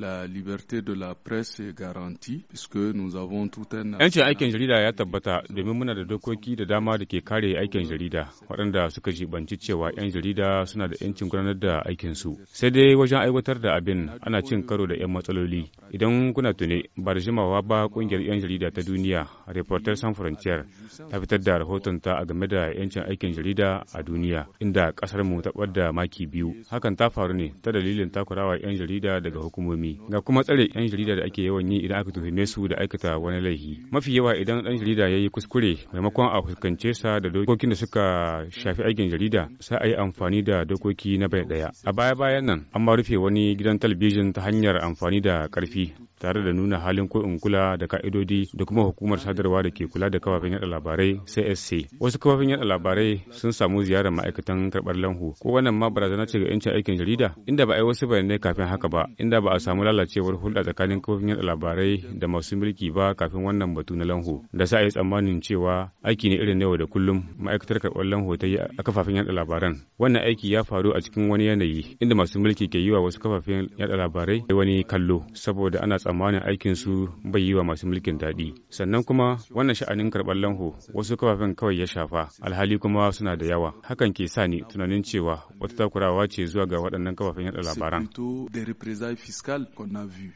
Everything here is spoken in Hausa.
la liberté de la presse est garantie puisque nous avons tout un Yancin aikin jarida ya tabbata domin muna da dokoki da dama da ke kare aikin jarida waɗanda suka jibanci cewa 'yan jarida suna da 'yancin gudanar da aikin su. Sai dai wajen aiwatar da abin ana cin karo da 'yan matsaloli. Idan kuna tune ba da jimawa ba ƙungiyar 'yan jarida ta duniya Reporter Sans Frontier ta fitar da rahoton ta a game da 'yancin aikin jarida a duniya inda ƙasar mu ta ɓadda maki biyu. Hakan ta faru ne ta dalilin takurawa 'yan jarida daga hukumomi. da ga kuma tsare yan jarida da ake yawan yi idan aka tuhume su da aikata wani laifi mafi yawa idan dan jarida ya yi kuskure maimakon a fuskance sa da dokokin da suka shafi aikin jarida sai a yi amfani da dokoki na bai daya a baya bayan nan an ma rufe wani gidan talabijin ta hanyar amfani da karfi tare da nuna halin ko kula da ka'idodi da kuma hukumar sadarwa da ke kula da kafafen yada labarai CSC. Wasu kafafen yada labarai sun samu ziyarar ma'aikatan karbar lanhu ko wannan ma barazana ce ga 'yancin aikin jarida inda ba a yi wasu bayanai kafin haka ba inda ba a samu lalacewar hulɗa tsakanin kafafen yada labarai da masu mulki ba kafin wannan batu na lanhu da sa a yi tsammanin cewa aiki ne irin na yau da kullum ma'aikatar karɓar lanhu ta yi a kafafen yada labaran wannan aiki ya faru a cikin wani yanayi inda masu mulki ke yi wa wasu kafafen yada labarai wani kallo saboda ana tsammanin aikin su bai yi wa masu mulkin daɗi sannan kuma wannan sha'anin karɓar lanho wasu kafafen kawai ya shafa alhali kuma suna da yawa hakan ke sa ni tunanin cewa wata takurawa ce zuwa ga waɗannan kafafen yaɗa labaran